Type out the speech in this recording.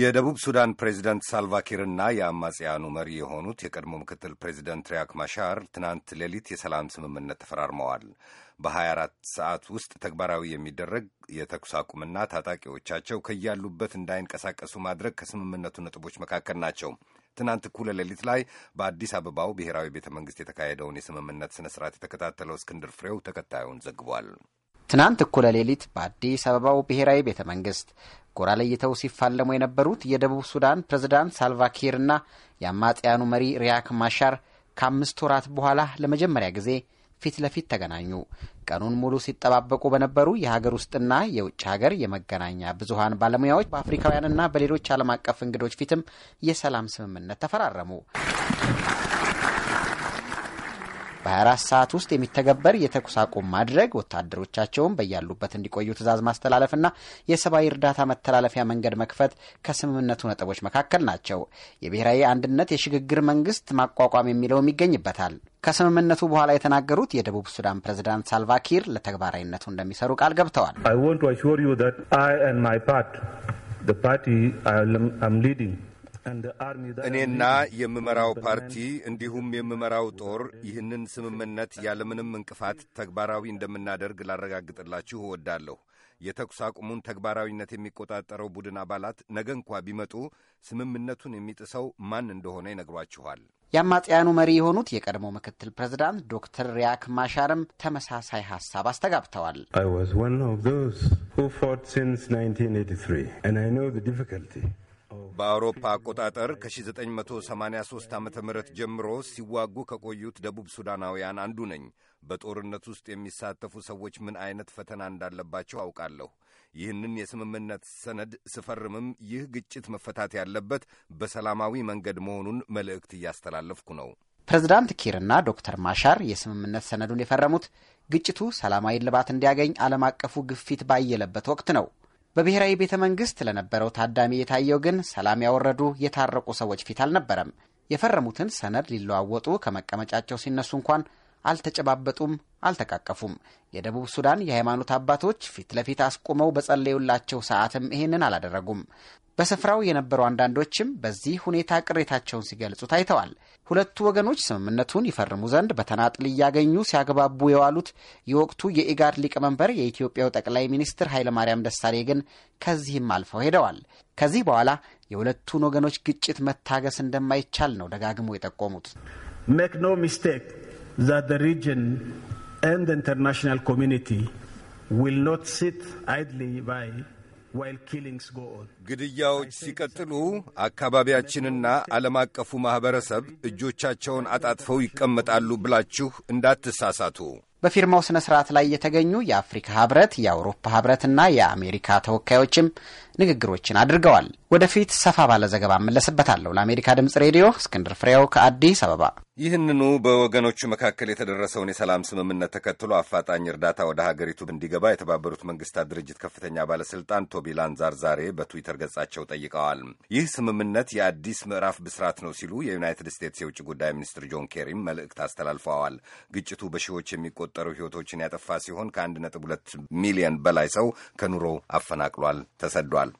የደቡብ ሱዳን ፕሬዚደንት ሳልቫኪርና የአማጽያኑ መሪ የሆኑት የቀድሞ ምክትል ፕሬዚደንት ሪያክ ማሻር ትናንት ሌሊት የሰላም ስምምነት ተፈራርመዋል። በ24 ሰዓት ውስጥ ተግባራዊ የሚደረግ የተኩስ አቁምና ታጣቂዎቻቸው ከያሉበት እንዳይንቀሳቀሱ ማድረግ ከስምምነቱ ነጥቦች መካከል ናቸው። ትናንት እኩለ ሌሊት ላይ በአዲስ አበባው ብሔራዊ ቤተ መንግሥት የተካሄደውን የስምምነት ስነስርዓት የተከታተለው እስክንድር ፍሬው ተከታዩን ዘግቧል። ትናንት እኩለ ሌሊት በአዲስ አበባው ብሔራዊ ቤተ መንግስት ጎራ ለይተው ሲፋለሙ የነበሩት የደቡብ ሱዳን ፕሬዝዳንት ሳልቫኪር እና የአማጽያኑ መሪ ሪያክ ማሻር ከአምስት ወራት በኋላ ለመጀመሪያ ጊዜ ፊት ለፊት ተገናኙ። ቀኑን ሙሉ ሲጠባበቁ በነበሩ የሀገር ውስጥና የውጭ ሀገር የመገናኛ ብዙሀን ባለሙያዎች በአፍሪካውያንና በሌሎች ዓለም አቀፍ እንግዶች ፊትም የሰላም ስምምነት ተፈራረሙ። በ24 ሰዓት ውስጥ የሚተገበር የተኩስ አቁም ማድረግ፣ ወታደሮቻቸውን በያሉበት እንዲቆዩ ትዕዛዝ ማስተላለፍና የሰብአዊ እርዳታ መተላለፊያ መንገድ መክፈት ከስምምነቱ ነጥቦች መካከል ናቸው። የብሔራዊ አንድነት የሽግግር መንግስት ማቋቋም የሚለውም ይገኝበታል። ከስምምነቱ በኋላ የተናገሩት የደቡብ ሱዳን ፕሬዝዳንት ሳልቫኪር ለተግባራዊነቱ እንደሚሰሩ ቃል ገብተዋል። the party I am leading እኔና የምመራው ፓርቲ እንዲሁም የምመራው ጦር ይህንን ስምምነት ያለምንም እንቅፋት ተግባራዊ እንደምናደርግ ላረጋግጥላችሁ እወዳለሁ። የተኩስ አቁሙን ተግባራዊነት የሚቆጣጠረው ቡድን አባላት ነገ እንኳ ቢመጡ ስምምነቱን የሚጥሰው ማን እንደሆነ ይነግሯችኋል። የአማጽያኑ መሪ የሆኑት የቀድሞ ምክትል ፕሬዝዳንት ዶክተር ሪያክ ማሻርም ተመሳሳይ ሀሳብ አስተጋብተዋል። በአውሮፓ አቆጣጠር ከ1983 ዓ ም ጀምሮ ሲዋጉ ከቆዩት ደቡብ ሱዳናውያን አንዱ ነኝ። በጦርነት ውስጥ የሚሳተፉ ሰዎች ምን አይነት ፈተና እንዳለባቸው አውቃለሁ። ይህንን የስምምነት ሰነድ ስፈርምም ይህ ግጭት መፈታት ያለበት በሰላማዊ መንገድ መሆኑን መልእክት እያስተላለፍኩ ነው። ፕሬዝዳንት ኪርና ዶክተር ማሻር የስምምነት ሰነዱን የፈረሙት ግጭቱ ሰላማዊ ልባት እንዲያገኝ ዓለም አቀፉ ግፊት ባየለበት ወቅት ነው። በብሔራዊ ቤተ መንግስት ለነበረው ታዳሚ የታየው ግን ሰላም ያወረዱ የታረቁ ሰዎች ፊት አልነበረም። የፈረሙትን ሰነድ ሊለዋወጡ ከመቀመጫቸው ሲነሱ እንኳን አልተጨባበጡም፣ አልተቃቀፉም። የደቡብ ሱዳን የሃይማኖት አባቶች ፊት ለፊት አስቁመው በጸለዩላቸው ሰዓትም ይህንን አላደረጉም። በስፍራው የነበሩ አንዳንዶችም በዚህ ሁኔታ ቅሬታቸውን ሲገልጹ ታይተዋል። ሁለቱ ወገኖች ስምምነቱን ይፈርሙ ዘንድ በተናጥል እያገኙ ሲያግባቡ የዋሉት የወቅቱ የኢጋድ ሊቀመንበር የኢትዮጵያው ጠቅላይ ሚኒስትር ኃይለማርያም ደሳሌ ግን ከዚህም አልፈው ሄደዋል። ከዚህ በኋላ የሁለቱን ወገኖች ግጭት መታገስ እንደማይቻል ነው ደጋግሞ የጠቆሙት። ሜክ ኖ ሚስቴክ ዛት ዘ ሪጅን ኤንድ ኢንተርናሽናል ኮሚኒቲ ዊል ኖት ሲት አይድሊ ባይ ግድያዎች ሲቀጥሉ አካባቢያችንና ዓለም አቀፉ ማኅበረሰብ እጆቻቸውን አጣጥፈው ይቀመጣሉ ብላችሁ እንዳትሳሳቱ። በፊርማው ሥነ ሥርዓት ላይ የተገኙ የአፍሪካ ኅብረት፣ የአውሮፓ ኅብረትና የአሜሪካ ተወካዮችም ንግግሮችን አድርገዋል። ወደፊት ሰፋ ባለ ዘገባ እመለስበታለሁ። ለአሜሪካ ድምፅ ሬዲዮ እስክንድር ፍሬው ከአዲስ አበባ ይህንኑ በወገኖቹ መካከል የተደረሰውን የሰላም ስምምነት ተከትሎ አፋጣኝ እርዳታ ወደ ሀገሪቱ እንዲገባ የተባበሩት መንግስታት ድርጅት ከፍተኛ ባለስልጣን ቶቢ ላንዛር ዛሬ በትዊተር ገጻቸው ጠይቀዋል። ይህ ስምምነት የአዲስ ምዕራፍ ብስራት ነው ሲሉ የዩናይትድ ስቴትስ የውጭ ጉዳይ ሚኒስትር ጆን ኬሪም መልእክት አስተላልፈዋል። ግጭቱ በሺዎች የሚቆጠሩ ሕይወቶችን ያጠፋ ሲሆን ከአንድ ነጥብ ሁለት ሚሊዮን በላይ ሰው ከኑሮ አፈናቅሏል፣ ተሰዷል።